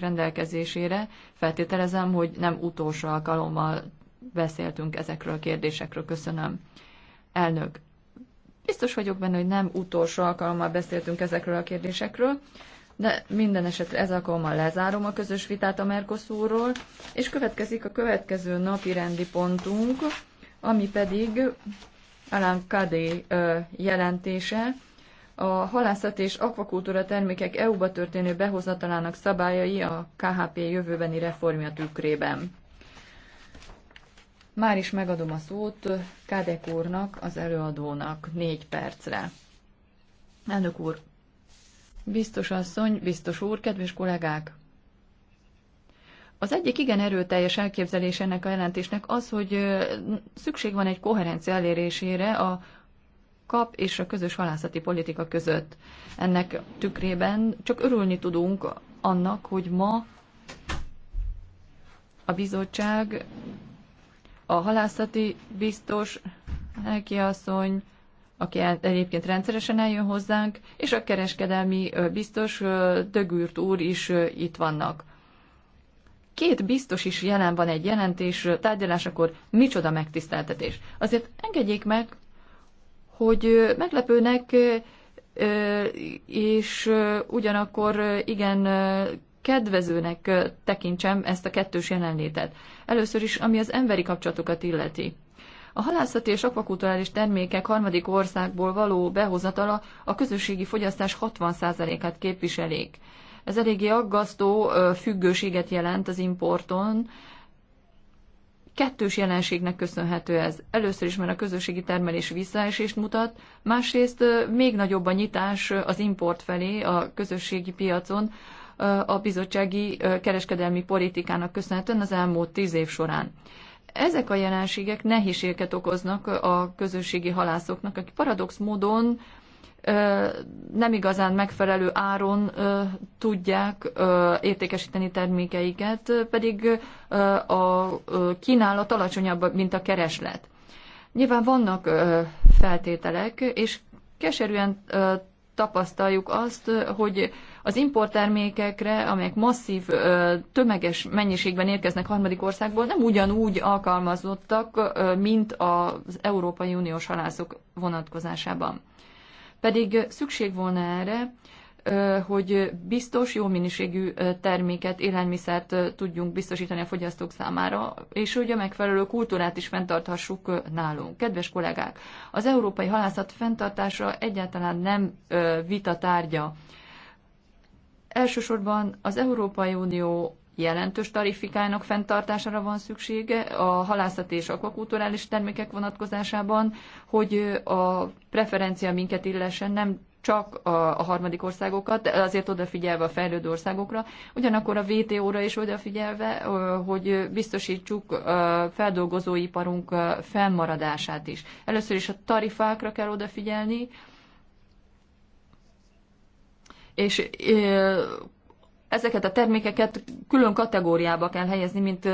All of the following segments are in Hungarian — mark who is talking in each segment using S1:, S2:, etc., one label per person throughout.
S1: rendelkezésére. Feltételezem, hogy nem utolsó alkalommal beszéltünk ezekről a kérdésekről. Köszönöm. Elnök, biztos vagyok benne, hogy nem utolsó alkalommal beszéltünk ezekről a kérdésekről, de minden esetre ez alkalommal lezárom a közös vitát a Mercosurról, és következik a következő napi rendi pontunk, ami pedig Alan Kadé jelentése, a halászat és akvakultúra termékek EU-ba történő behozatalának szabályai a KHP jövőbeni reformja tükrében. Már is megadom a szót Kádek úrnak, az előadónak négy percre. Elnök úr, biztos asszony, biztos úr, kedves kollégák! Az egyik igen erőteljes elképzelés ennek a jelentésnek az, hogy szükség van egy koherencia elérésére a kap és a közös halászati politika között. Ennek tükrében csak örülni tudunk annak, hogy ma a bizottság, a halászati biztos, Helki asszony, aki egyébként rendszeresen eljön hozzánk, és a kereskedelmi biztos Dögürt úr is itt vannak. Két biztos is jelen van egy jelentés tárgyalásakor, micsoda megtiszteltetés. Azért engedjék meg, hogy meglepőnek és ugyanakkor igen kedvezőnek tekintsem ezt a kettős jelenlétet. Először is, ami az emberi kapcsolatokat illeti. A halászati és akvakulturális termékek harmadik országból való behozatala a közösségi fogyasztás 60%-át képviselik. Ez eléggé aggasztó függőséget jelent az importon, kettős jelenségnek köszönhető ez. Először is, mert a közösségi termelés visszaesést mutat, másrészt még nagyobb a nyitás az import felé a közösségi piacon a bizottsági kereskedelmi politikának köszönhetően az elmúlt tíz év során. Ezek a jelenségek nehézségeket okoznak a közösségi halászoknak, akik paradox módon nem igazán megfelelő áron tudják értékesíteni termékeiket, pedig a kínálat alacsonyabb, mint a kereslet. Nyilván vannak feltételek, és keserűen tapasztaljuk azt, hogy az importtermékekre, amelyek masszív, tömeges mennyiségben érkeznek harmadik országból, nem ugyanúgy alkalmazottak, mint az Európai Uniós halászok vonatkozásában pedig szükség volna erre, hogy biztos, jó minőségű terméket, élelmiszert tudjunk biztosítani a fogyasztók számára, és hogy a megfelelő kultúrát is fenntarthassuk nálunk. Kedves kollégák, az európai halászat fenntartása egyáltalán nem vita tárgya. Elsősorban az Európai Unió jelentős tarifikának fenntartására van szüksége a halászat és akvakulturális termékek vonatkozásában, hogy a preferencia minket illesen nem csak a, a harmadik országokat, azért odafigyelve a fejlődő országokra, ugyanakkor a vto ra is odafigyelve, hogy biztosítsuk a feldolgozóiparunk fennmaradását is. Először is a tarifákra kell odafigyelni, és ezeket a termékeket külön kategóriába kell helyezni, mint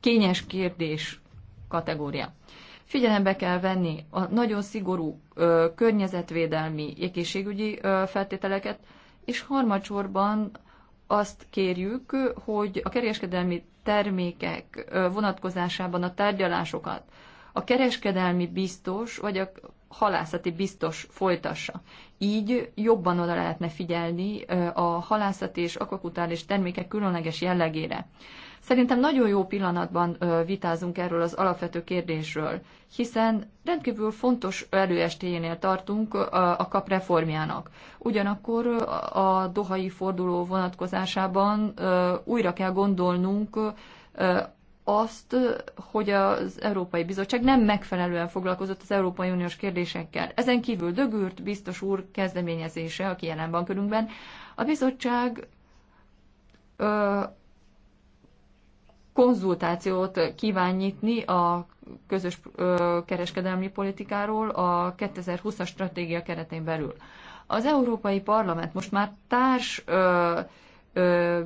S1: kényes kérdés kategória. Figyelembe kell venni a nagyon szigorú ö, környezetvédelmi egészségügyi ö, feltételeket, és harmadsorban azt kérjük, hogy a kereskedelmi termékek ö, vonatkozásában a tárgyalásokat a kereskedelmi biztos vagy a halászati biztos folytassa. Így jobban oda lehetne figyelni a halászati és akvakultális termékek különleges jellegére. Szerintem nagyon jó pillanatban vitázunk erről az alapvető kérdésről, hiszen rendkívül fontos előestéjénél tartunk a kap reformjának. Ugyanakkor a dohai forduló vonatkozásában újra kell gondolnunk azt, hogy az Európai Bizottság nem megfelelően foglalkozott az Európai Uniós kérdésekkel. Ezen kívül Dögürt biztos úr kezdeményezése, aki jelen van körünkben, a bizottság ö, konzultációt kíván nyitni a közös ö, kereskedelmi politikáról a 2020-as stratégia keretén belül. Az Európai Parlament most már társ ö, ö,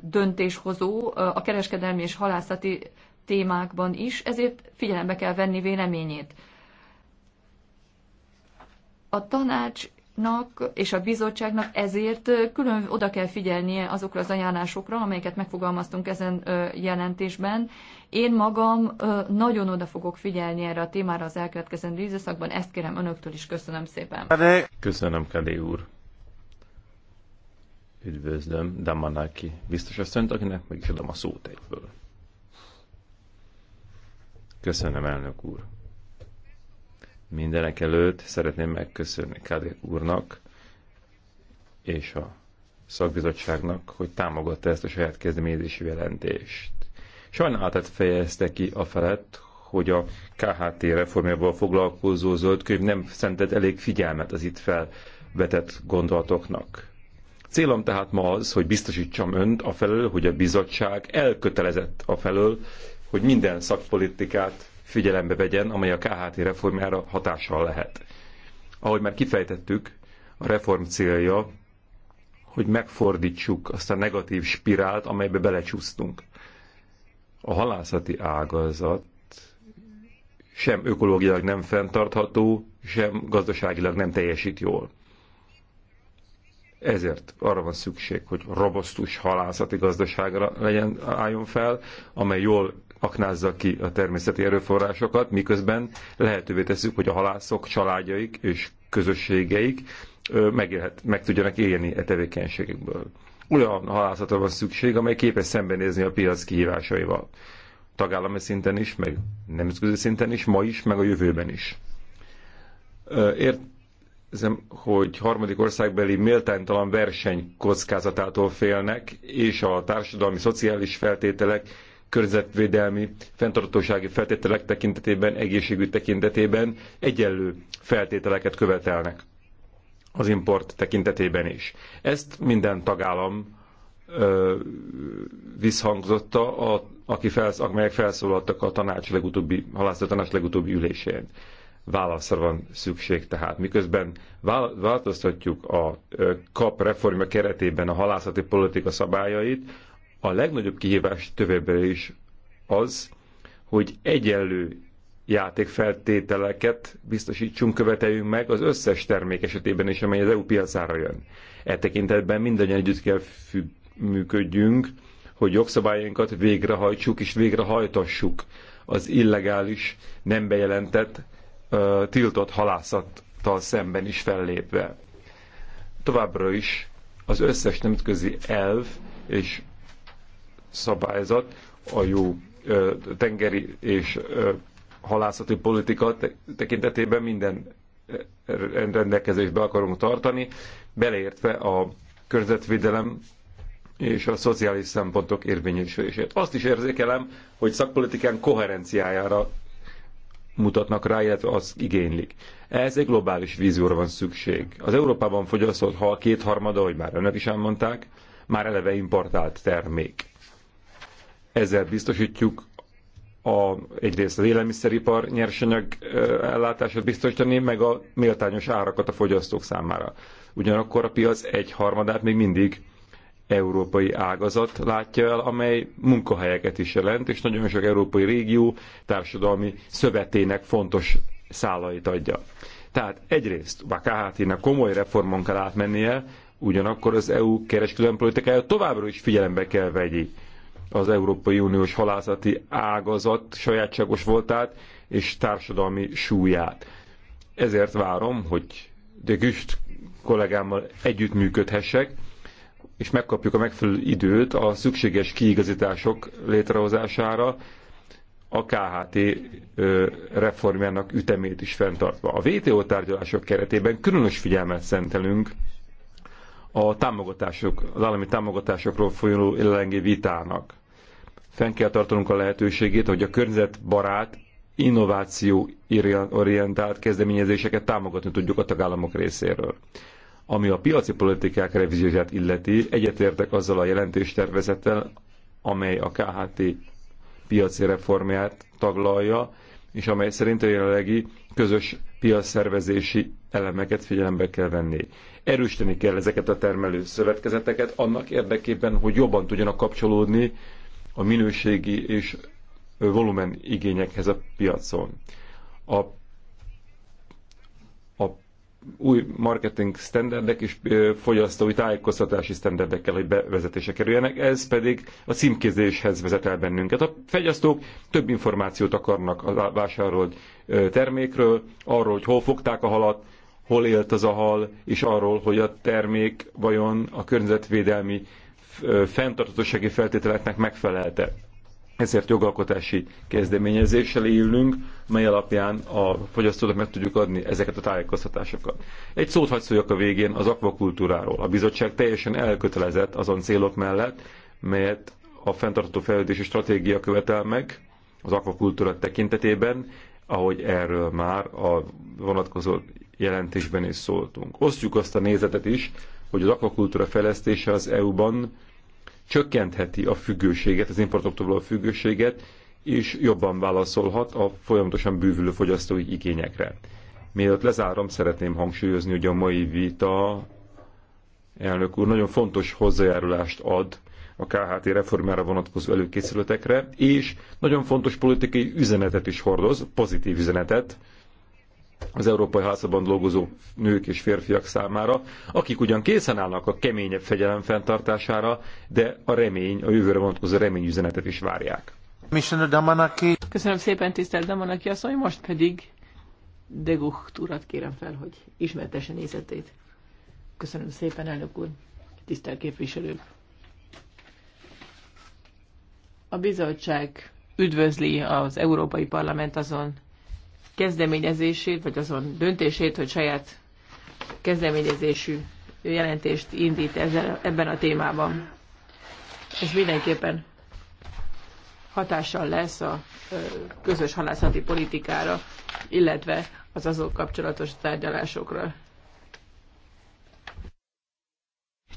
S1: döntéshozó a kereskedelmi és halászati témákban is, ezért figyelembe kell venni véleményét. A tanácsnak és a bizottságnak ezért külön oda kell figyelnie azokra az ajánlásokra, amelyeket megfogalmaztunk ezen jelentésben. Én magam nagyon oda fogok figyelni erre a témára az elkövetkezendő időszakban, ezt kérem önöktől is. Köszönöm szépen.
S2: Köszönöm, Kelly úr. Üdvözlöm Damanaki biztos asszonyt, akinek meg is adom a szót egyből. Köszönöm, elnök úr. Mindenek előtt szeretném megköszönni Kadek úrnak és a szakbizottságnak, hogy támogatta ezt a saját kezdeményezési jelentést. Sajnálatát fejezte ki a felett, hogy a KHT reformjával foglalkozó zöld nem szentett elég figyelmet az itt felvetett gondolatoknak. Célom tehát ma az, hogy biztosítsam önt a felől, hogy a bizottság elkötelezett a felől, hogy minden szakpolitikát figyelembe vegyen, amely a KHT reformjára hatással lehet. Ahogy már kifejtettük, a reform célja, hogy megfordítsuk azt a negatív spirált, amelybe belecsúsztunk. A halászati ágazat sem ökológiailag nem fenntartható, sem gazdaságilag nem teljesít jól. Ezért arra van szükség, hogy robosztus halászati gazdaságra legyen, álljon fel, amely jól aknázza ki a természeti erőforrásokat, miközben lehetővé tesszük, hogy a halászok, családjaik és közösségeik megélhet, meg tudjanak élni e tevékenységekből. Olyan halászatra van szükség, amely képes szembenézni a piac kihívásaival. Tagállami szinten is, meg nemzetközi szinten is, ma is, meg a jövőben is. Ért, hogy harmadik országbeli méltánytalan verseny kockázatától félnek, és a társadalmi, szociális feltételek, környezetvédelmi, fenntartósági feltételek tekintetében, egészségügy tekintetében egyenlő feltételeket követelnek az import tekintetében is. Ezt minden tagállam ö, visszhangzotta, a, aki felsz, amelyek felszólaltak a tanács legutóbbi, halászló tanács legutóbbi ülésén válaszra van szükség tehát. Miközben változtatjuk a kap reformja keretében a halászati politika szabályait, a legnagyobb kihívás tövéből is az, hogy egyenlő játékfeltételeket biztosítsunk, követeljünk meg az összes termék esetében is, amely az EU piacára jön. E tekintetben mindannyian együtt kell működjünk, hogy jogszabályainkat végrehajtsuk és végrehajtassuk az illegális, nem bejelentett tiltott halászattal szemben is fellépve. Továbbra is az összes nemzetközi elv és szabályzat a jó tengeri és halászati politika tekintetében minden rendelkezésbe akarunk tartani, beleértve a környezetvédelem és a szociális szempontok érvényesülését. Azt is érzékelem, hogy szakpolitikán koherenciájára mutatnak rá, illetve az igénylik. Ehhez egy globális vízióra van szükség. Az Európában fogyasztott hal kétharmada, ahogy már önök is elmondták, már eleve importált termék. Ezzel biztosítjuk a, egyrészt az élelmiszeripar nyersanyag ellátását biztosítani, meg a méltányos árakat a fogyasztók számára. Ugyanakkor a piac egy harmadát még mindig európai ágazat látja el, amely munkahelyeket is jelent, és nagyon sok európai régió társadalmi szövetének fontos szálait adja. Tehát egyrészt a kht komoly reformon kell átmennie, ugyanakkor az EU kereskedelmi politikája továbbra is figyelembe kell vegyi az Európai Uniós halászati ágazat sajátságos voltát és társadalmi súlyát. Ezért várom, hogy de Güst kollégámmal együttműködhessek, és megkapjuk a megfelelő időt a szükséges kiigazítások létrehozására, a KHT reformjának ütemét is fenntartva. A VTO tárgyalások keretében különös figyelmet szentelünk a támogatások, az állami támogatásokról folyó jelenlegi vitának. Fenn kell tartanunk a lehetőségét, hogy a környezetbarát, innováció orientált kezdeményezéseket támogatni tudjuk a tagállamok részéről. Ami a piaci politikák revizióját illeti, egyetértek azzal a jelentéstervezettel, amely a KHT piaci reformját taglalja, és amely szerint a jelenlegi közös piaszervezési elemeket figyelembe kell venni. Erősíteni kell ezeket a termelő szövetkezeteket annak érdekében, hogy jobban tudjanak kapcsolódni a minőségi és volumen igényekhez a piacon. A új marketing standardek és fogyasztói tájékoztatási standardekkel, hogy bevezetése kerüljenek, ez pedig a címkézéshez vezet el bennünket. A fogyasztók több információt akarnak a vásárolt termékről, arról, hogy hol fogták a halat, hol élt az a hal, és arról, hogy a termék vajon a környezetvédelmi fenntartatósági feltételeknek megfelelte ezért jogalkotási kezdeményezéssel élünk, mely alapján a fogyasztóknak meg tudjuk adni ezeket a tájékoztatásokat. Egy szót hagy szóljak a végén az akvakultúráról. A bizottság teljesen elkötelezett azon célok mellett, melyet a fenntartható fejlődési stratégia követel meg az akvakultúra tekintetében, ahogy erről már a vonatkozó jelentésben is szóltunk. Osztjuk azt a nézetet is, hogy az akvakultúra fejlesztése az EU-ban csökkentheti a függőséget, az importoktól való függőséget, és jobban válaszolhat a folyamatosan bűvülő fogyasztói igényekre. Mielőtt lezárom, szeretném hangsúlyozni, hogy a mai vita, elnök úr, nagyon fontos hozzájárulást ad a KHT reformára vonatkozó előkészületekre, és nagyon fontos politikai üzenetet is hordoz, pozitív üzenetet, az Európai házban dolgozó nők és férfiak számára, akik ugyan készen állnak a keményebb fegyelem fenntartására, de a remény, a jövőre vonatkozó reményüzenetet is várják.
S3: Köszönöm szépen, tisztelt Damanaki asszony, most pedig Deguch urat kérem fel, hogy ismertesen nézetét. Köszönöm szépen, elnök úr, tisztelt képviselők. A bizottság üdvözli az Európai Parlament azon kezdeményezését, vagy azon döntését, hogy saját kezdeményezésű jelentést indít ezzel, ebben a témában. Ez mindenképpen hatással lesz a közös halászati politikára, illetve az azok kapcsolatos tárgyalásokra.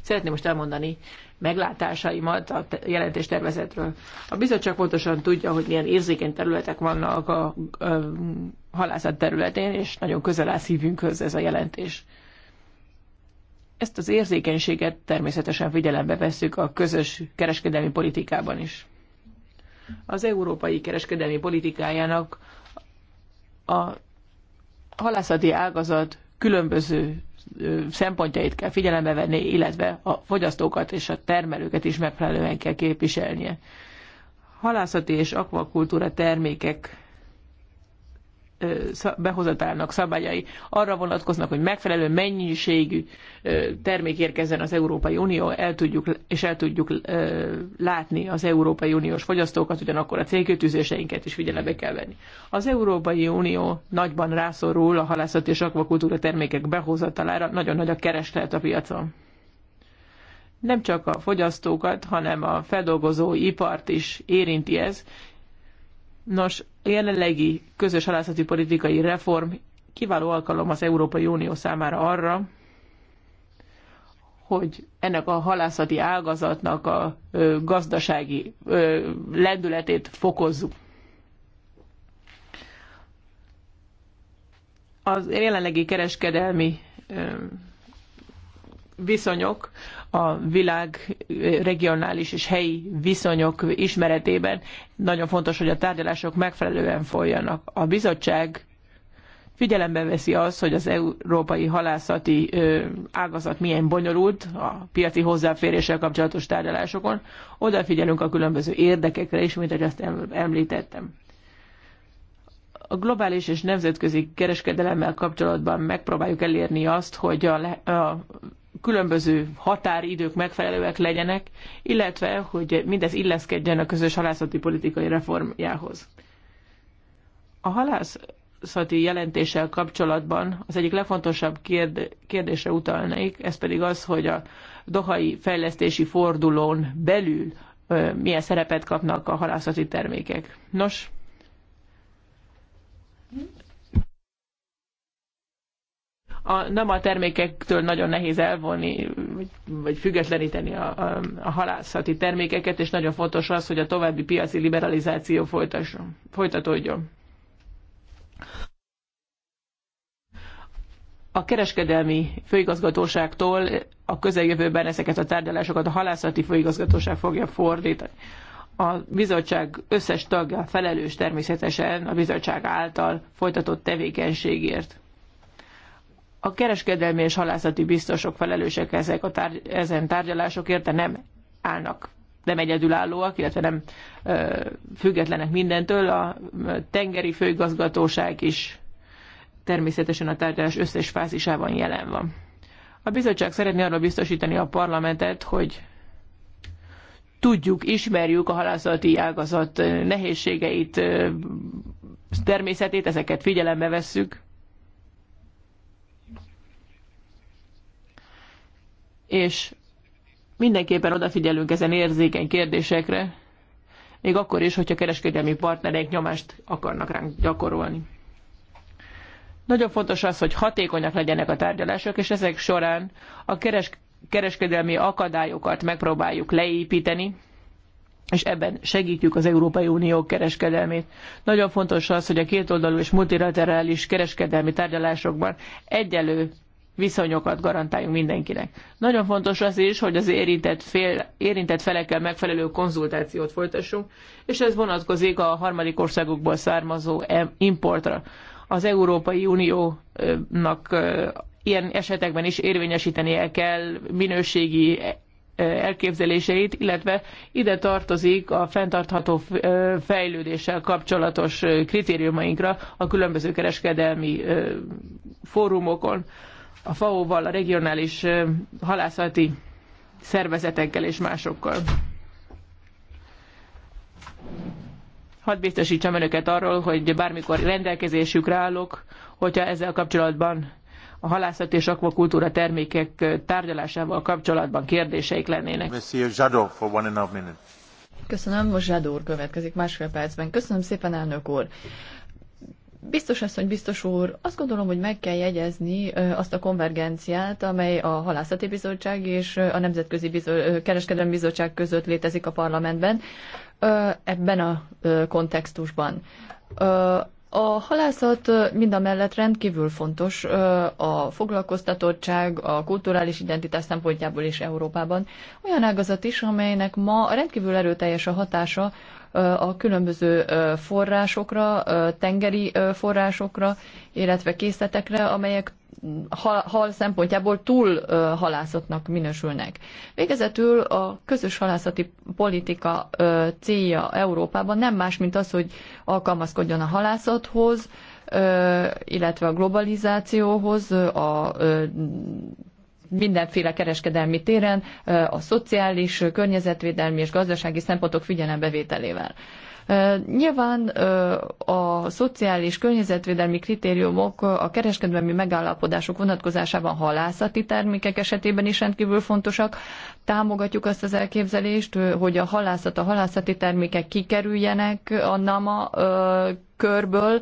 S3: Szeretném most elmondani meglátásaimat a jelentéstervezetről. A bizottság pontosan tudja, hogy milyen érzékeny területek vannak a, a halászat területén, és nagyon közel áll szívünkhöz ez a jelentés. Ezt az érzékenységet természetesen figyelembe vesszük a közös kereskedelmi politikában is. Az európai kereskedelmi politikájának a halászati ágazat különböző szempontjait kell figyelembe venni, illetve a fogyasztókat és a termelőket is megfelelően kell képviselnie. Halászati és akvakultúra termékek behozatának szabályai arra vonatkoznak, hogy megfelelő mennyiségű termék érkezzen az Európai Unió, el tudjuk, és el tudjuk látni az Európai Uniós fogyasztókat, ugyanakkor a célkötűzéseinket is figyelembe kell venni. Az Európai Unió nagyban rászorul a halászat és akvakultúra termékek behozatalára, nagyon nagy a kereslet a piacon. Nem csak a fogyasztókat, hanem a feldolgozó ipart is érinti ez. Nos, a jelenlegi közös halászati politikai reform kiváló alkalom az Európai Unió számára arra, hogy ennek a halászati ágazatnak a ö, gazdasági ö, lendületét fokozzuk. Az jelenlegi kereskedelmi ö, viszonyok a világ regionális és helyi viszonyok ismeretében nagyon fontos, hogy a tárgyalások megfelelően folyjanak. A bizottság figyelembe veszi azt, hogy az európai halászati ágazat milyen bonyolult a piaci hozzáféréssel kapcsolatos tárgyalásokon. Odafigyelünk a különböző érdekekre is, mint ahogy azt említettem. A globális és nemzetközi kereskedelemmel kapcsolatban megpróbáljuk elérni azt, hogy a, a különböző határidők megfelelőek legyenek, illetve hogy mindez illeszkedjen a közös halászati politikai reformjához. A halászati jelentéssel kapcsolatban az egyik legfontosabb kérd- kérdésre utalnék, ez pedig az, hogy a dohai fejlesztési fordulón belül ö, milyen szerepet kapnak a halászati termékek. Nos, a, nem a termékektől nagyon nehéz elvonni, vagy, vagy függetleníteni a, a, a halászati termékeket, és nagyon fontos az, hogy a további piaci liberalizáció folytas, folytatódjon. A kereskedelmi főigazgatóságtól a közeljövőben ezeket a tárgyalásokat a halászati főigazgatóság fogja fordítani a bizottság összes tagja felelős természetesen a bizottság által folytatott tevékenységért a kereskedelmi és halászati biztosok felelősek ezek a tárgy, ezen tárgyalásokért, de nem állnak nem egyedülállóak, illetve nem ö, függetlenek mindentől. A tengeri főigazgatóság is természetesen a tárgyalás összes fázisában jelen van. A bizottság szeretné arra biztosítani a parlamentet, hogy tudjuk, ismerjük a halászati ágazat nehézségeit, természetét, ezeket figyelembe vesszük, és mindenképpen odafigyelünk ezen érzékeny kérdésekre, még akkor is, hogyha kereskedelmi partnereink nyomást akarnak ránk gyakorolni. Nagyon fontos az, hogy hatékonyak legyenek a tárgyalások, és ezek során a keres kereskedelmi akadályokat megpróbáljuk leépíteni, és ebben segítjük az Európai Unió kereskedelmét. Nagyon fontos az, hogy a kétoldalú és multilaterális kereskedelmi tárgyalásokban egyelő viszonyokat garantáljunk mindenkinek. Nagyon fontos az is, hogy az érintett, fél, érintett felekkel megfelelő konzultációt folytassunk, és ez vonatkozik a harmadik országokból származó e- importra. Az Európai Uniónak ilyen esetekben is érvényesítenie kell minőségi e- e- elképzeléseit, illetve ide tartozik a fenntartható fejlődéssel kapcsolatos kritériumainkra a különböző kereskedelmi fórumokon a FAO-val, a regionális halászati szervezetekkel és másokkal. Hadd biztosítsam önöket arról, hogy bármikor rendelkezésükre állok, hogyha ezzel kapcsolatban a halászat és akvakultúra termékek tárgyalásával kapcsolatban kérdéseik lennének.
S1: Köszönöm, most Zsadó úr következik másfél percben. Köszönöm szépen, elnök úr. Biztos hogy biztos úr, azt gondolom, hogy meg kell jegyezni azt a konvergenciát, amely a Halászati Bizottság és a Nemzetközi Bizo- Kereskedelmi Bizottság között létezik a parlamentben ebben a kontextusban. A halászat mind a mellett rendkívül fontos a foglalkoztatottság, a kulturális identitás szempontjából is Európában. Olyan ágazat is, amelynek ma rendkívül erőteljes a hatása a különböző forrásokra, tengeri forrásokra, illetve készletekre, amelyek hal, hal szempontjából túl halászatnak minősülnek. Végezetül a közös halászati politika célja Európában nem más, mint az, hogy alkalmazkodjon a halászathoz, illetve a globalizációhoz, a mindenféle kereskedelmi téren a szociális, környezetvédelmi és gazdasági szempontok figyelembevételével. Nyilván a szociális környezetvédelmi kritériumok a kereskedelmi megállapodások vonatkozásában halászati termékek esetében is rendkívül fontosak. Támogatjuk azt az elképzelést, hogy a halászat, a halászati termékek kikerüljenek a NAMA körből,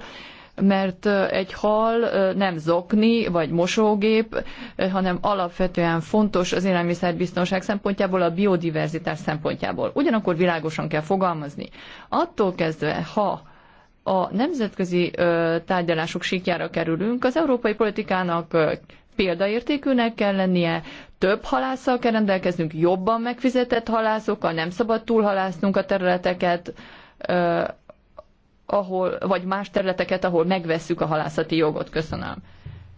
S1: mert egy hal nem zokni vagy mosógép, hanem alapvetően fontos az élelmiszerbiztonság szempontjából, a biodiverzitás szempontjából. Ugyanakkor világosan kell fogalmazni. Attól kezdve, ha a nemzetközi tárgyalások síkjára kerülünk, az európai politikának példaértékűnek kell lennie, több halásszal kell rendelkeznünk, jobban megfizetett halászokkal, nem szabad túlhalásznunk a területeket, ahol, vagy más területeket, ahol megvesszük a halászati jogot. Köszönöm.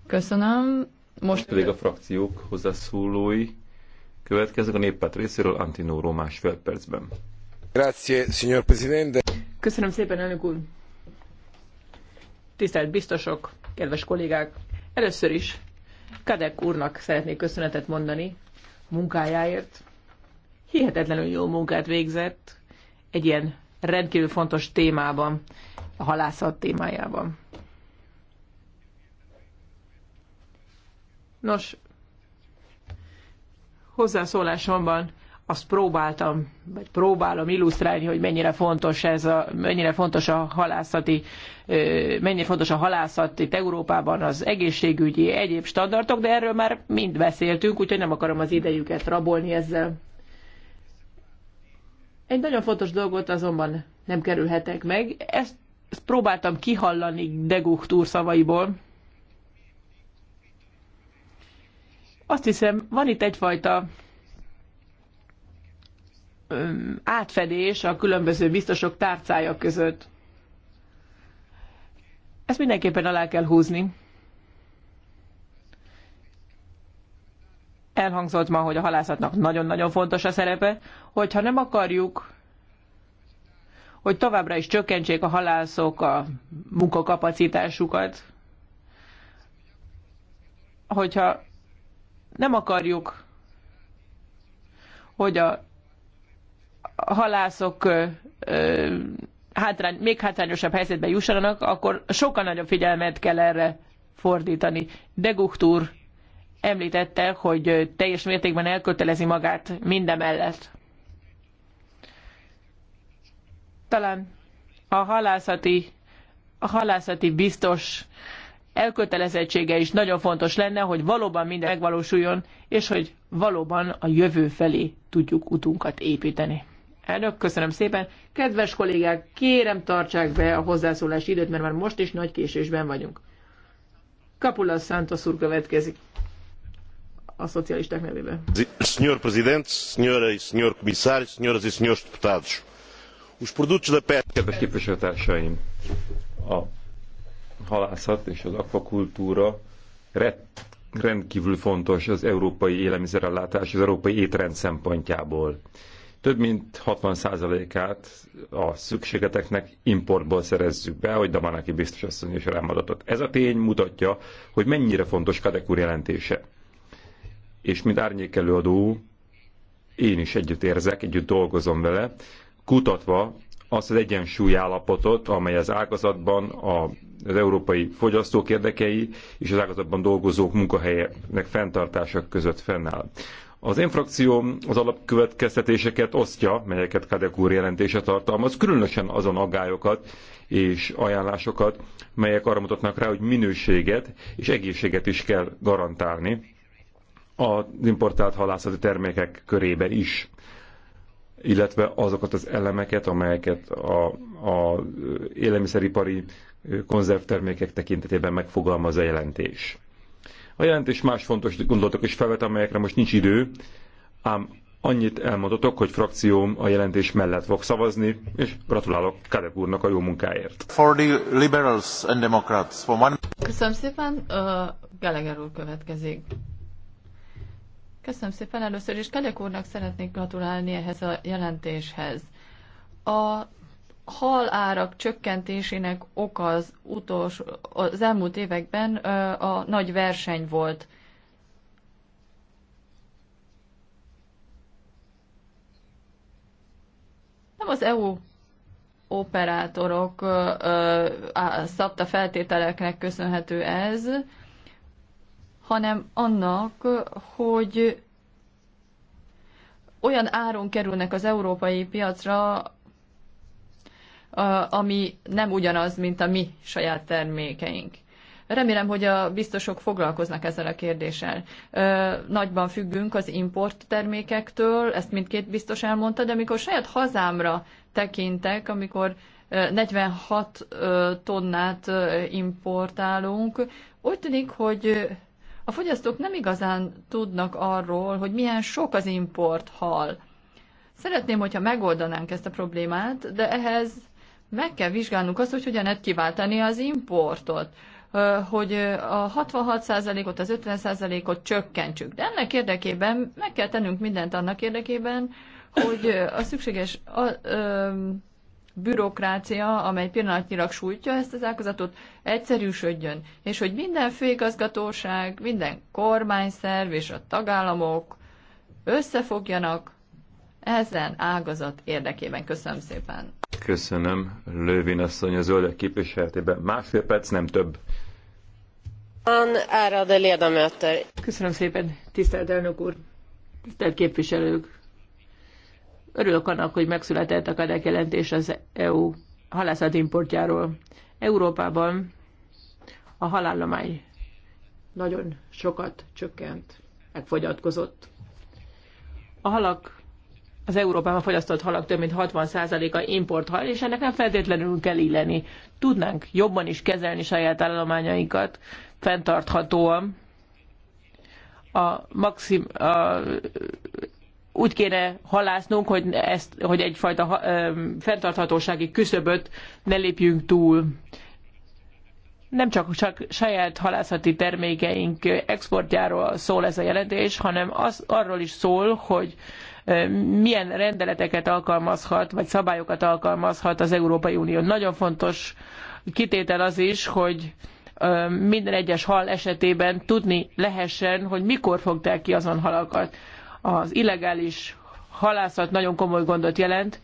S1: Köszönöm. Most
S2: pedig a frakciók hozzászólói Következik a néppárt részéről Antinóró másfél percben. Grazie, signor Presidente.
S3: Köszönöm szépen, elnök úr. Tisztelt biztosok, kedves kollégák! Először is Kadek úrnak szeretnék köszönetet mondani munkájáért. Hihetetlenül jó munkát végzett egy ilyen rendkívül fontos témában, a halászat témájában. Nos, hozzászólásomban azt próbáltam, vagy próbálom illusztrálni, hogy mennyire fontos ez a, mennyire fontos a halászati, mennyire fontos a halászat itt Európában az egészségügyi, egyéb standardok, de erről már mind beszéltünk, úgyhogy nem akarom az idejüket rabolni ezzel. Egy nagyon fontos dolgot azonban nem kerülhetek meg. Ezt, ezt próbáltam kihallani Degucht úr szavaiból. Azt hiszem, van itt egyfajta átfedés a különböző biztosok tárcája között. Ezt mindenképpen alá kell húzni. Elhangzott ma, hogy a halászatnak nagyon-nagyon fontos a szerepe, hogyha nem akarjuk, hogy továbbra is csökkentsék a halászok a munkakapacitásukat, hogyha nem akarjuk, hogy a halászok hátrány, még hátrányosabb helyzetbe jussanak, akkor sokkal nagyobb figyelmet kell erre fordítani. Deguktúr említette, hogy teljes mértékben elkötelezi magát mindemellett. Talán a halászati, a halászati biztos elkötelezettsége is nagyon fontos lenne, hogy valóban minden megvalósuljon, és hogy valóban a jövő felé tudjuk utunkat építeni. Elnök, köszönöm szépen. Kedves kollégák, kérem tartsák be a hozzászólási időt, mert már most is nagy késésben vagyunk. Kapula Santos úr következik a szocialisták nevében.
S2: Senhor Presidente, Senhora e Senhor Comissário, Senhoras e Senhores Deputados. Os produtos da pesca... Kedves képviselőtársaim, a halászat és az akvakultúra rendkívül fontos az európai élelmiszerellátás, az európai étrend szempontjából. Több mint 60%-át a szükségeteknek importból szerezzük be, hogy Damanaki biztos asszony is rámadatott. Ez a tény mutatja, hogy mennyire fontos Kadek úr jelentése és mint árnyékelőadó én is együtt érzek, együtt dolgozom vele, kutatva azt az állapotot, amely az ágazatban az európai fogyasztók érdekei és az ágazatban dolgozók munkahelyeknek fenntartása között fennáll. Az én frakcióm az alapkövetkeztetéseket osztja, melyeket Kadek úr jelentése tartalmaz, különösen azon aggályokat és ajánlásokat, melyek arra mutatnak rá, hogy minőséget és egészséget is kell garantálni az importált halászati termékek körében is illetve azokat az elemeket, amelyeket a, a élelmiszeripari konzervtermékek tekintetében megfogalmaz a jelentés. A jelentés más fontos gondolatok is felvet, amelyekre most nincs idő, ám annyit elmondotok, hogy frakcióm a jelentés mellett fog szavazni, és gratulálok Kadek úrnak a jó munkáért. For the liberals and democrats, for one...
S1: Köszönöm szépen, uh, Gallagher úr következik. Köszönöm szépen először, és Kelek úrnak szeretnék gratulálni ehhez a jelentéshez. A hal árak csökkentésének oka az, utolsó, az elmúlt években a nagy verseny volt. Nem az EU operátorok szabta feltételeknek köszönhető ez, hanem annak, hogy olyan áron kerülnek az európai piacra, ami nem ugyanaz, mint a mi saját termékeink. Remélem, hogy a biztosok foglalkoznak ezzel a kérdéssel. Nagyban függünk az import termékektől, ezt mindkét biztos elmondta, de amikor saját hazámra tekintek, amikor 46 tonnát importálunk, úgy tűnik, hogy a fogyasztók nem igazán tudnak arról, hogy milyen sok az import hal. Szeretném, hogyha megoldanánk ezt a problémát, de ehhez meg kell vizsgálnunk azt, hogy hogyan lehet kiváltani az importot hogy a 66%-ot, az 50%-ot csökkentsük. De ennek érdekében meg kell tennünk mindent annak érdekében, hogy a szükséges a, ö, bürokrácia, amely pillanatnyilag sújtja ezt az ágazatot, egyszerűsödjön, és hogy minden főigazgatóság, minden kormányszerv és a tagállamok összefogjanak ezen ágazat érdekében. Köszönöm szépen!
S2: Köszönöm, Lővin asszony, a zöldek képviseletében. Másfél perc, nem több.
S3: Köszönöm szépen, tisztelt elnök úr, tisztelt képviselők! Örülök annak, hogy megszületett a kadek jelentés az EU halászat importjáról. Európában a halállomány nagyon sokat csökkent, megfogyatkozott. A halak, az Európában fogyasztott halak több mint 60%-a importhal, és ennek nem feltétlenül kell illeni. Tudnánk jobban is kezelni saját állományainkat, fenntarthatóan. A, maxim, a úgy kéne halásznunk, hogy, ezt, hogy egyfajta fenntarthatósági küszöböt ne lépjünk túl. Nem csak, csak saját halászati termékeink exportjáról szól ez a jelentés, hanem az, arról is szól, hogy milyen rendeleteket alkalmazhat, vagy szabályokat alkalmazhat az Európai Unió. Nagyon fontos kitétel az is, hogy minden egyes hal esetében tudni lehessen, hogy mikor fogták ki azon halakat az illegális halászat nagyon komoly gondot jelent,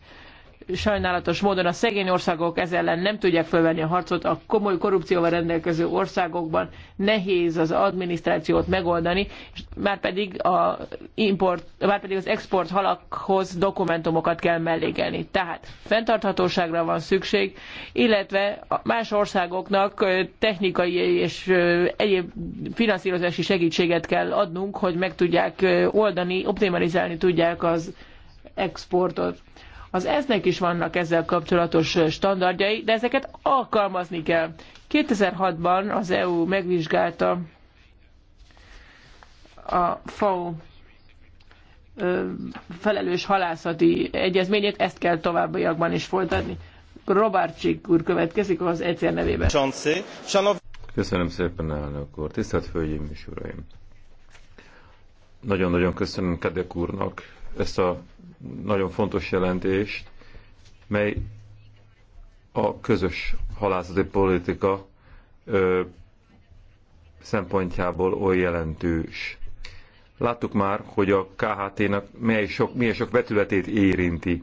S3: sajnálatos módon a szegény országok ez ellen nem tudják fölvenni a harcot, a komoly korrupcióval rendelkező országokban nehéz az adminisztrációt megoldani, és már pedig, a import, már pedig az export halakhoz dokumentumokat kell mellékelni. Tehát fenntarthatóságra van szükség, illetve más országoknak technikai és egyéb finanszírozási segítséget kell adnunk, hogy meg tudják oldani, optimalizálni tudják az exportot az ESZ-nek is vannak ezzel kapcsolatos standardjai, de ezeket alkalmazni kell. 2006-ban az EU megvizsgálta a FAO felelős halászati egyezményét, ezt kell továbbiakban is folytatni. Robert úr következik az ECR nevében.
S2: Köszönöm szépen, elnök úr. Tisztelt Hölgyeim és Uraim! Nagyon-nagyon köszönöm Kedek úrnak ezt a nagyon fontos jelentést, mely a közös halászati politika ö, szempontjából oly jelentős. Láttuk már, hogy a KHT-nak mely sok, milyen sok vetületét érinti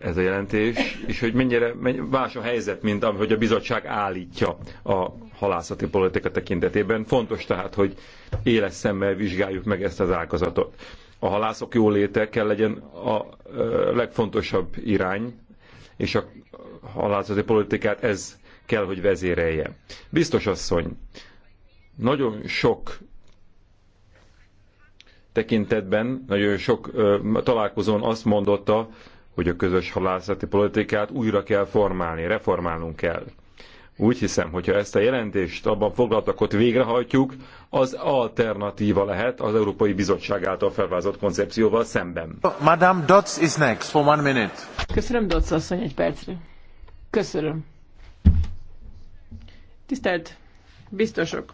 S2: ez a jelentés, és hogy mennyire más a helyzet, mint ahogy a bizottság állítja a halászati politika tekintetében. Fontos tehát, hogy éles szemmel vizsgáljuk meg ezt az ágazatot a halászok jóléte kell legyen a legfontosabb irány, és a halászati politikát ez kell, hogy vezérelje. Biztos asszony, nagyon sok tekintetben, nagyon sok találkozón azt mondotta, hogy a közös halászati politikát újra kell formálni, reformálnunk kell. Úgy hiszem, hogyha ezt a jelentést abban foglaltakot végrehajtjuk, az alternatíva lehet az Európai Bizottság által felvázott koncepcióval szemben. Madame Dodds is next for one minute.
S3: Köszönöm, Dodds asszony, egy percre. Köszönöm. Tisztelt biztosok!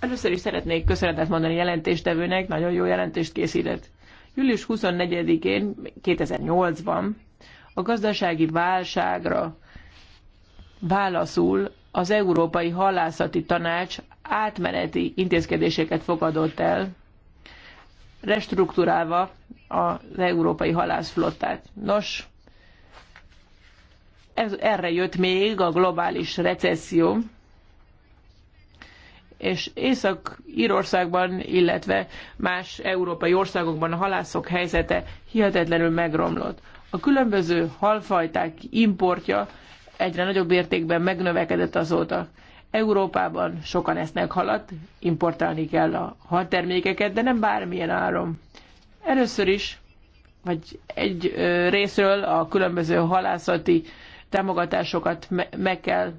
S3: Először is szeretnék köszönetet mondani jelentéstevőnek, nagyon jó jelentést készített. Július 24-én, 2008-ban a gazdasági válságra válaszul az Európai Halászati Tanács átmeneti intézkedéseket fogadott el, restruktúrálva az európai halászflottát. Nos, ez, erre jött még a globális recesszió, és Észak-Írországban, illetve más európai országokban a halászok helyzete hihetetlenül megromlott. A különböző halfajták importja egyre nagyobb értékben megnövekedett azóta. Európában sokan esznek halat, importálni kell a haltermékeket, de nem bármilyen áron. Először is, vagy egy részről a különböző halászati támogatásokat meg kell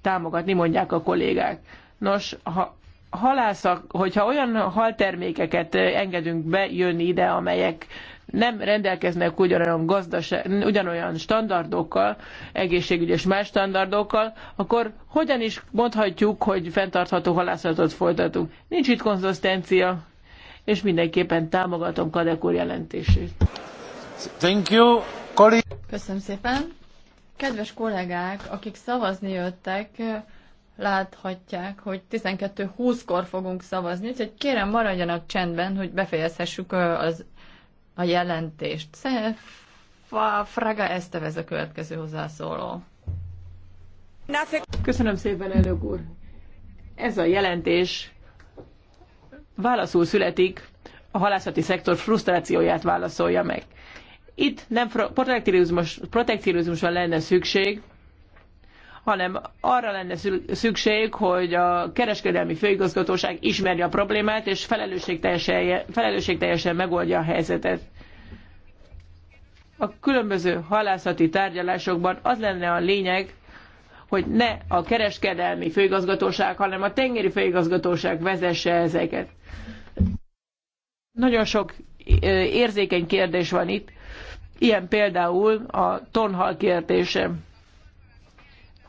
S3: támogatni, mondják a kollégák. Nos, ha halászak, hogyha olyan haltermékeket engedünk bejönni ide, amelyek nem rendelkeznek ugyanolyan, gazdaság, ugyanolyan standardokkal, egészségügyi és más standardokkal, akkor hogyan is mondhatjuk, hogy fenntartható halászatot folytatunk? Nincs itt konzisztencia, és mindenképpen támogatom Kadek úr jelentését.
S1: Thank you, Köszönöm szépen. Kedves kollégák, akik szavazni jöttek, láthatják, hogy 12-20-kor fogunk szavazni, úgyhogy kérem maradjanak csendben, hogy befejezhessük az a jelentést. Fraga Esztevez a következő hozzászóló.
S3: Köszönöm szépen, elnök úr.
S1: Ez a jelentés
S3: válaszul születik, a halászati szektor frusztrációját válaszolja meg. Itt nem protekcionizmus, protekcionizmusra lenne szükség, hanem arra lenne szükség, hogy a kereskedelmi főigazgatóság ismerje a problémát, és felelősségteljesen, megoldja a helyzetet. A különböző halászati tárgyalásokban az lenne a lényeg, hogy ne a kereskedelmi főigazgatóság, hanem a tengeri főigazgatóság vezesse ezeket. Nagyon sok érzékeny kérdés van itt, ilyen például a tonhal kérdése.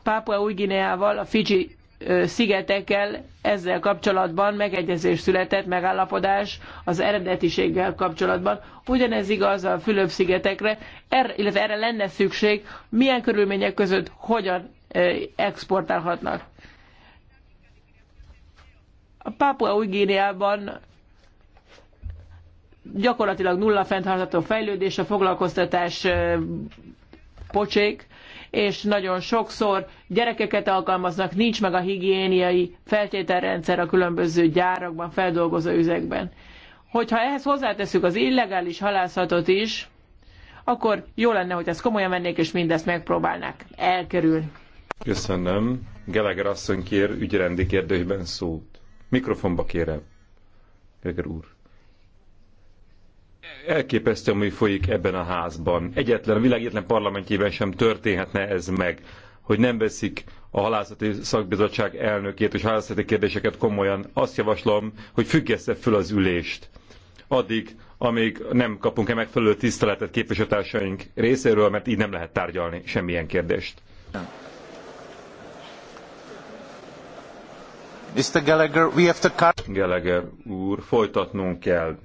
S3: Pápua új Guineával, a Fidzsi szigetekkel ezzel kapcsolatban megegyezés született, megállapodás az eredetiséggel kapcsolatban. Ugyanez igaz a Fülöp-szigetekre, erre, illetve erre lenne szükség, milyen körülmények között hogyan exportálhatnak. A Pápua új gyakorlatilag nulla fenntartható fejlődés, a foglalkoztatás pocsék, és nagyon sokszor gyerekeket alkalmaznak, nincs meg a higiéniai feltételrendszer a különböző gyárakban, feldolgozó üzekben. Hogyha ehhez hozzáteszük az illegális halászatot is, akkor jó lenne, hogy ezt komolyan vennék, és mindezt megpróbálnák elkerülni.
S2: Köszönöm. Geleger asszony kér ügyrendi kérdőjében szót. Mikrofonba kérem. Geleger úr elképesztő, ami folyik ebben a házban. Egyetlen, a világ egyetlen parlamentjében sem történhetne ez meg, hogy nem veszik a halászati szakbizottság elnökét és halászati kérdéseket komolyan. Azt javaslom, hogy függesse föl az ülést. Addig, amíg nem kapunk-e megfelelő tiszteletet képviselőtársaink részéről, mert így nem lehet tárgyalni semmilyen kérdést. Mr. Gallagher, we have to cut. Gallagher úr, folytatnunk kell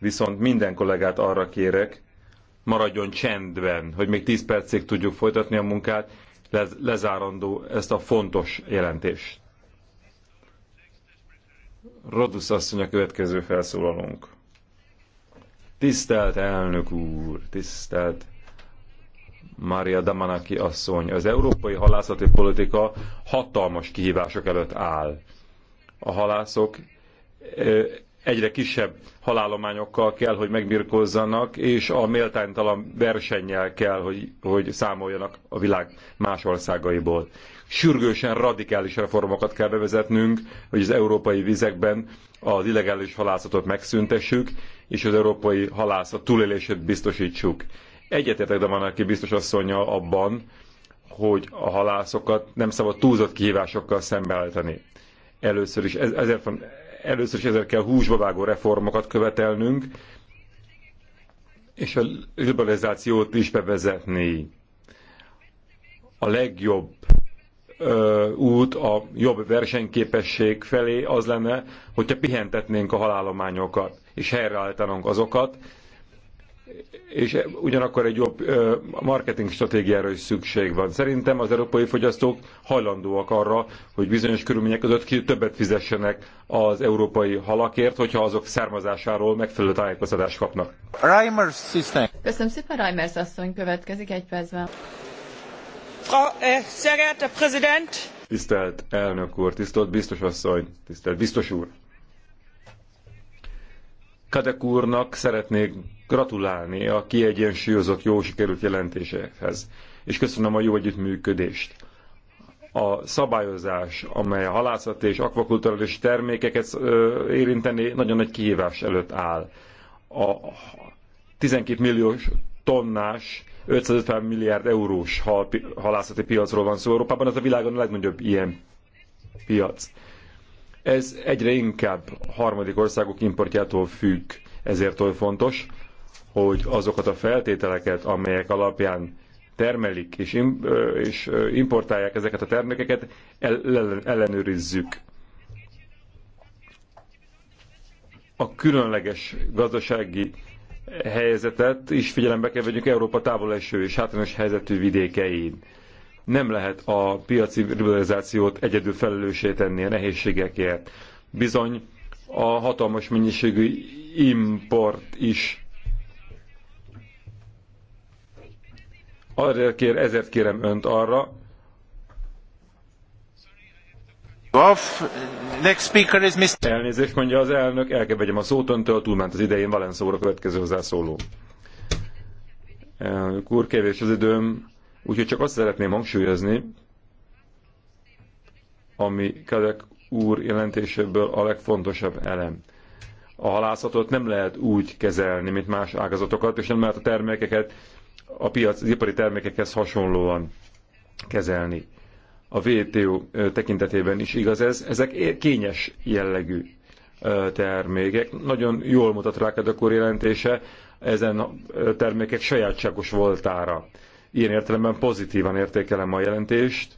S2: viszont minden kollégát arra kérek, maradjon csendben, hogy még 10 percig tudjuk folytatni a munkát, lez, lezárandó ezt a fontos jelentést. Rodus asszony a következő felszólalónk. Tisztelt elnök úr, tisztelt Mária Damanaki asszony, az európai halászati politika hatalmas kihívások előtt áll. A halászok egyre kisebb halálományokkal kell, hogy megbirkózzanak, és a méltánytalan versennyel kell, hogy, hogy számoljanak a világ más országaiból. Sürgősen radikális reformokat kell bevezetnünk, hogy az európai vizekben az illegális halászatot megszüntessük, és az európai halászat túlélését biztosítsuk. Egyetértek de van, aki biztos asszonya abban, hogy a halászokat nem szabad túlzott kihívásokkal szembeállítani. Először is ez, ezért van először is ezért kell húsba vágó reformokat követelnünk, és a liberalizációt is bevezetni. A legjobb ö, út a jobb versenyképesség felé az lenne, hogyha pihentetnénk a halálományokat, és helyreállítanunk azokat, és ugyanakkor egy jobb marketing stratégiára is szükség van. Szerintem az európai fogyasztók hajlandóak arra, hogy bizonyos körülmények között ki többet fizessenek az európai halakért, hogyha azok származásáról megfelelő tájékoztatást kapnak. Reimers system.
S1: Köszönöm szépen, Reimers asszony következik egy percben. Frau,
S3: eh, sehr
S2: Tisztelt elnök úr, tisztelt biztos asszony, tisztelt biztos úr! Kadek úrnak szeretnék gratulálni a kiegyensúlyozott, jó sikerült jelentésekhez. És köszönöm a jó együttműködést. A szabályozás, amely a halászati és akvakulturális termékeket érinteni, nagyon nagy kihívás előtt áll. A 12 milliós tonnás 550 milliárd eurós hal, halászati piacról van szó Európában, ez a világon a legnagyobb ilyen piac. Ez egyre inkább harmadik országok importjától függ, ezért oly fontos, hogy azokat a feltételeket, amelyek alapján termelik és, és importálják ezeket a termékeket, ellenőrizzük. A különleges gazdasági helyzetet is figyelembe kell vegyünk Európa eső és hátrányos helyzetű vidékein. Nem lehet a piaci liberalizációt egyedül felelőssé tenni a nehézségekért. Bizony a hatalmas mennyiségű import is Arra kér, ezért kérem önt arra. Off. Next speaker is Mr. Elnézést mondja az elnök, el kell vegyem a szót öntől, túlment az idején Valenszó úr a következő hozzászóló. Elnök úr, kevés az időm, úgyhogy csak azt szeretném hangsúlyozni, ami Kadek úr jelentéséből a legfontosabb elem. A halászatot nem lehet úgy kezelni, mint más ágazatokat, és nem lehet a termékeket a piac, az ipari termékekhez hasonlóan kezelni. A WTO tekintetében is igaz ez. Ezek kényes jellegű termékek. Nagyon jól mutat rá a jelentése ezen termékek sajátságos voltára. Ilyen értelemben pozitívan értékelem a jelentést.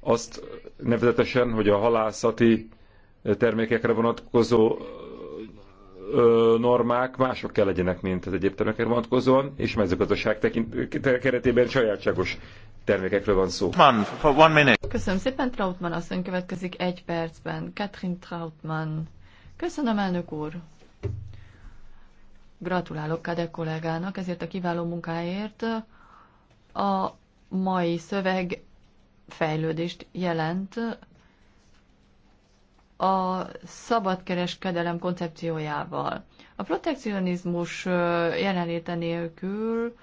S2: Azt nevezetesen, hogy a halászati termékekre vonatkozó ö, normák mások kell legyenek, mint az egyéb termékek vonatkozóan, és mezőgazdaság tekint, keretében sajátságos termékekről van szó. Man, for one minute. Köszönöm
S1: szépen, Trautmann asszony következik egy percben. Katrin Trautmann. Köszönöm, elnök úr. Gratulálok Kade kollégának ezért a kiváló munkáért. A mai szöveg fejlődést jelent a szabadkereskedelem koncepciójával. A protekcionizmus jelenléte nélkül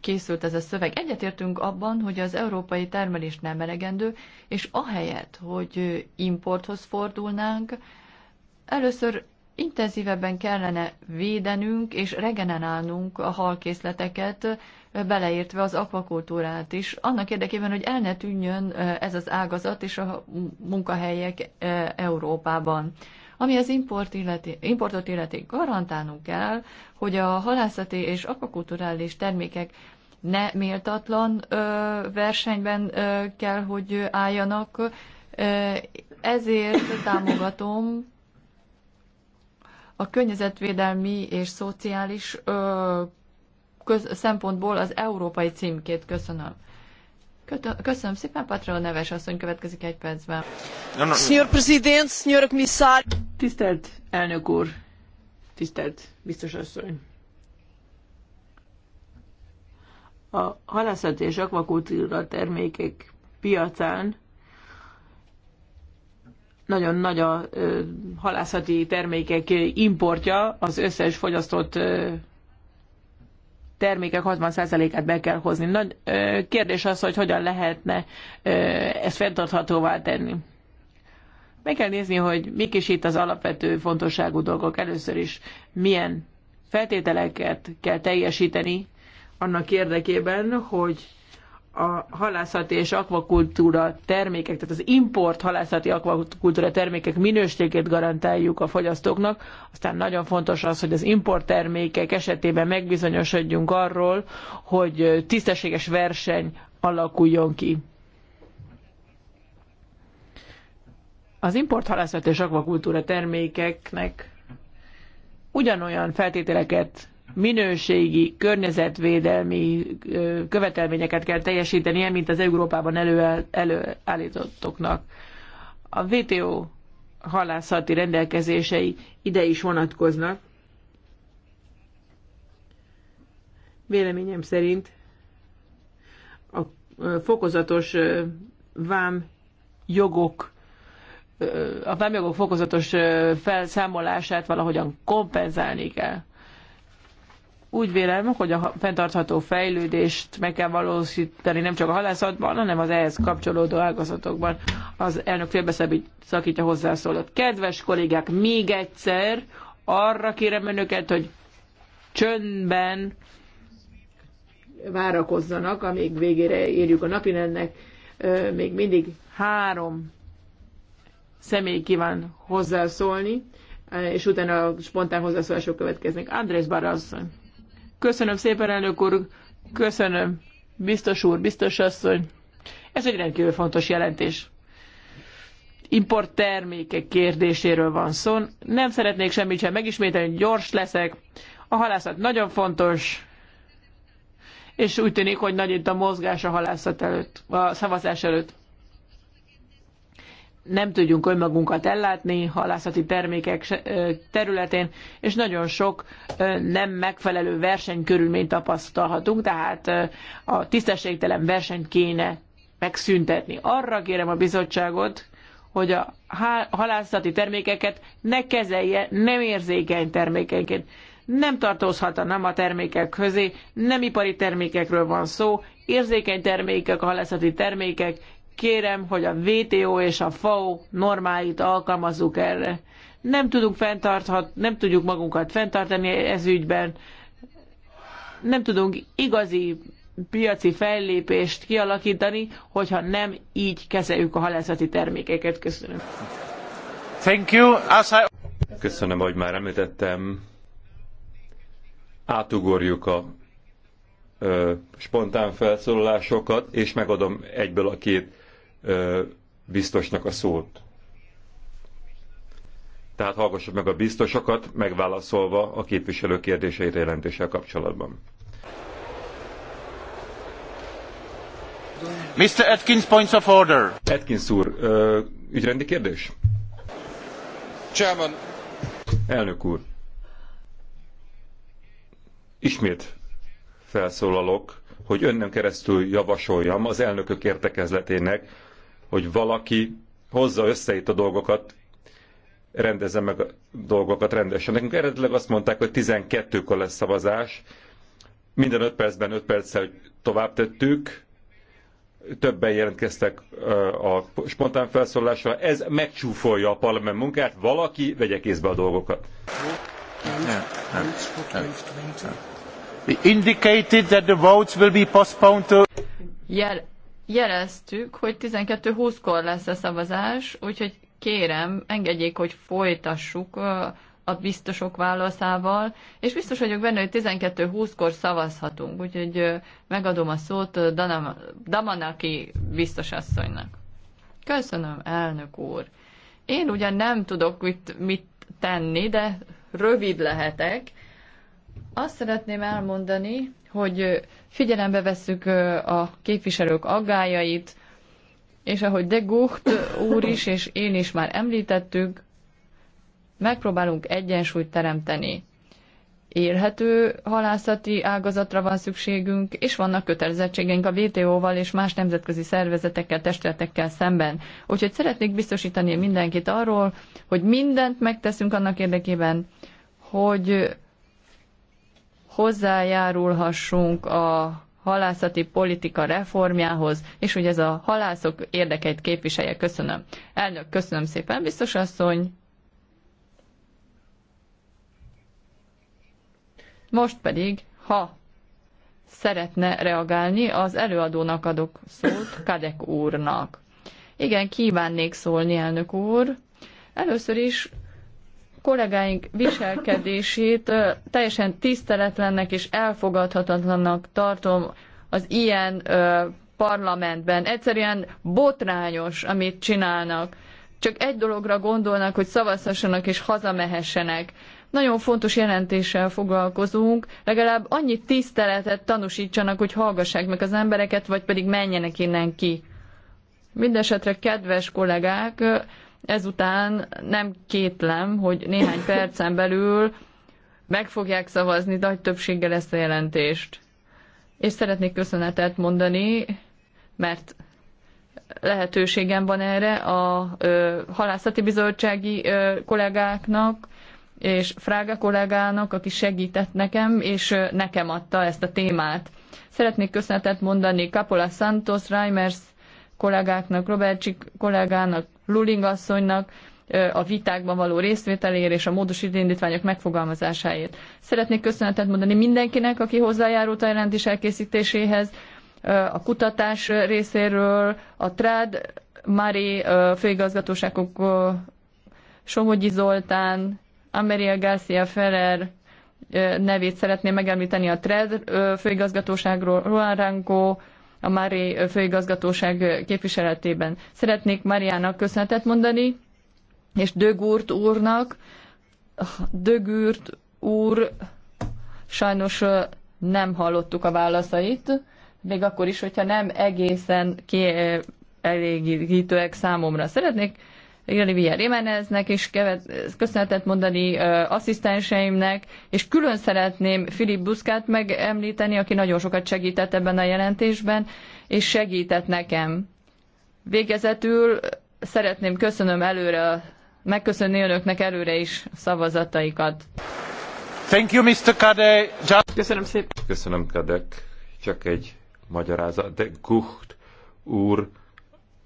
S1: készült ez a szöveg. Egyetértünk abban, hogy az európai termelés nem elegendő, és ahelyett, hogy importhoz fordulnánk, először intenzívebben kellene védenünk és regenerálnunk a halkészleteket, beleértve az akvakultúrát is, annak érdekében, hogy el ne tűnjön ez az ágazat és a munkahelyek Európában. Ami az import illeti, importot illeti, garantálnunk kell, hogy a halászati és akvakulturális termékek ne méltatlan ö, versenyben ö, kell, hogy álljanak. Ezért támogatom a környezetvédelmi és szociális ö, köz, szempontból az európai címkét köszönöm. Köszönöm szépen, Patrol neves asszony következik egy percben. Senhor Presidente, Senhor Commissar. Tisztelt elnök úr, tisztelt biztos asszony.
S3: A halászat és akvakultúra termékek piacán nagyon nagy a halászati termékek importja, az összes fogyasztott termékek 60%-át be kell hozni. Nagy kérdés az, hogy hogyan lehetne ezt fenntarthatóvá tenni. Meg kell nézni, hogy mik is itt az alapvető fontosságú dolgok. Először is milyen feltételeket kell teljesíteni annak érdekében, hogy a halászati és akvakultúra termékek, tehát az import halászati akvakultúra termékek minőségét garantáljuk a fogyasztóknak, aztán nagyon fontos az, hogy az import termékek esetében megbizonyosodjunk arról, hogy tisztességes verseny alakuljon ki. Az import halászati és akvakultúra termékeknek ugyanolyan feltételeket minőségi, környezetvédelmi követelményeket kell teljesítenie, mint az Európában elő, A WTO halászati rendelkezései ide is vonatkoznak. Véleményem szerint a fokozatos vám jogok a vámjogok fokozatos felszámolását valahogyan kompenzálni kell. Úgy vélem, hogy a fenntartható fejlődést meg kell valósítani nem csak a halászatban, hanem az ehhez kapcsolódó ágazatokban. Az elnök szakítja hozzászólott. Kedves kollégák, még egyszer arra kérem önöket, hogy csöndben várakozzanak, amíg végére érjük a napirendnek. Még mindig három személy kíván hozzászólni, és utána a spontán hozzászólások következnek. Andrés Barasszony. Köszönöm szépen, elnök úr, köszönöm, biztos úr, biztos asszony. Ez egy rendkívül fontos jelentés. Import termékek kérdéséről van szó. Nem szeretnék semmit sem megismételni, gyors leszek. A halászat nagyon fontos, és úgy tűnik, hogy nagy itt a mozgás a halászat előtt, a szavazás előtt nem tudjunk önmagunkat ellátni halászati termékek területén, és nagyon sok nem megfelelő versenykörülményt tapasztalhatunk, tehát a tisztességtelen versenyt kéne megszüntetni. Arra kérem a bizottságot, hogy a halászati termékeket ne kezelje nem érzékeny termékenként. Nem tartozhat a nem a termékek közé, nem ipari termékekről van szó, érzékeny termékek, a halászati termékek, kérem, hogy a WTO és a FAO normáit alkalmazzuk erre. Nem tudunk fenntarthat, nem tudjuk magunkat fenntartani ez ügyben, nem tudunk igazi piaci fellépést kialakítani, hogyha nem így kezeljük a halászati termékeket. Köszönöm.
S2: Thank you. As I... Köszönöm, hogy már említettem. Átugorjuk a ö, spontán felszólalásokat, és megadom egyből a két biztosnak a szót. Tehát hallgassuk meg a biztosokat, megválaszolva a képviselő kérdéseit jelentéssel kapcsolatban. Mr. Atkins, points of order. Atkins úr, ügyrendi kérdés? Chairman. Elnök úr. Ismét felszólalok, hogy önnem keresztül javasoljam az elnökök értekezletének, hogy valaki hozza össze itt a dolgokat, rendezze meg a dolgokat rendesen. Nekünk eredetileg azt mondták, hogy 12-kor lesz szavazás, minden 5 percben 5 perccel tovább tettük, többen jelentkeztek a spontán felszólásra, ez megcsúfolja a parlament munkát, valaki vegye kézbe a dolgokat. Indicated that the votes will be postponed to...
S1: Yeah jeleztük, hogy 12-20-kor lesz a szavazás, úgyhogy kérem, engedjék, hogy folytassuk a biztosok válaszával, és biztos vagyok benne, hogy 12-20-kor szavazhatunk, úgyhogy megadom a szót Damanaki biztosasszonynak. Köszönöm, elnök úr. Én ugyan nem tudok mit, mit tenni, de rövid lehetek. Azt szeretném elmondani, hogy figyelembe vesszük a képviselők aggájait, és ahogy de Gucht úr is, és én is már említettük, megpróbálunk egyensúlyt teremteni. Érhető halászati ágazatra van szükségünk, és vannak kötelezettségeink a WTO-val és más nemzetközi szervezetekkel, testületekkel szemben. Úgyhogy szeretnék biztosítani mindenkit arról, hogy mindent megteszünk annak érdekében, hogy hozzájárulhassunk a halászati politika reformjához, és hogy ez a halászok érdekeit képviselje. Köszönöm. Elnök, köszönöm szépen, biztos asszony. Most pedig, ha szeretne reagálni, az előadónak adok szót, Kadek úrnak. Igen, kívánnék szólni, elnök úr. Először is kollégáink viselkedését teljesen tiszteletlennek és elfogadhatatlannak tartom az ilyen parlamentben. Egyszerűen botrányos, amit csinálnak. Csak egy dologra gondolnak, hogy szavazhassanak és hazamehessenek. Nagyon fontos jelentéssel foglalkozunk, legalább annyi tiszteletet tanúsítsanak, hogy hallgassák meg az embereket, vagy pedig menjenek innen ki. Mindenesetre, kedves kollégák, ezután nem kétlem, hogy néhány percen belül meg fogják szavazni nagy többséggel ezt a jelentést. És szeretnék köszönetet mondani, mert lehetőségem van erre a ö, halászati bizottsági ö, kollégáknak, és Frága kollégának, aki segített nekem, és ö, nekem adta ezt a témát. Szeretnék köszönetet mondani Capola Santos, Reimers kollégáknak, Robertsik kollégának, Luling asszonynak a vitákban való részvételéért és a módosító indítványok megfogalmazásáért. Szeretnék köszönetet mondani mindenkinek, aki hozzájárult a jelentés elkészítéséhez, a kutatás részéről, a TRAD, Mari főigazgatóságok Somogyi Zoltán, Ameria Garcia Ferrer nevét szeretném megemlíteni a trad főigazgatóságról, Roland Ranko, a Mári főigazgatóság képviseletében. Szeretnék Mariának köszönetet mondani, és Dögúrt úrnak. Dögúrt úr sajnos nem hallottuk a válaszait, még akkor is, hogyha nem egészen kielégítőek számomra. Szeretnék Irani Jimeneznek is köszönetet mondani asszisztenseimnek, és külön szeretném Filip Buszkát megemlíteni, aki nagyon sokat segített ebben a jelentésben, és segített nekem. Végezetül szeretném köszönöm előre, megköszönni önöknek előre is szavazataikat.
S2: Thank you, Mr. Kade. Just... Köszönöm szépen. Köszönöm, Kadek. Csak egy magyarázat. De Gucht úr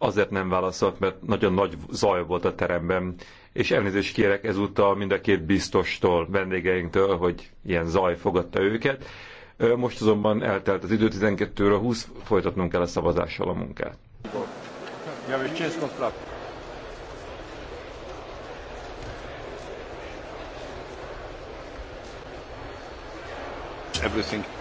S2: azért nem válaszolt, mert nagyon nagy zaj volt a teremben, és elnézést kérek ezúttal mind a két biztostól, vendégeinktől, hogy ilyen zaj fogadta őket. Most azonban eltelt az idő 12 ra 20, folytatnunk kell a szavazással a munkát. everything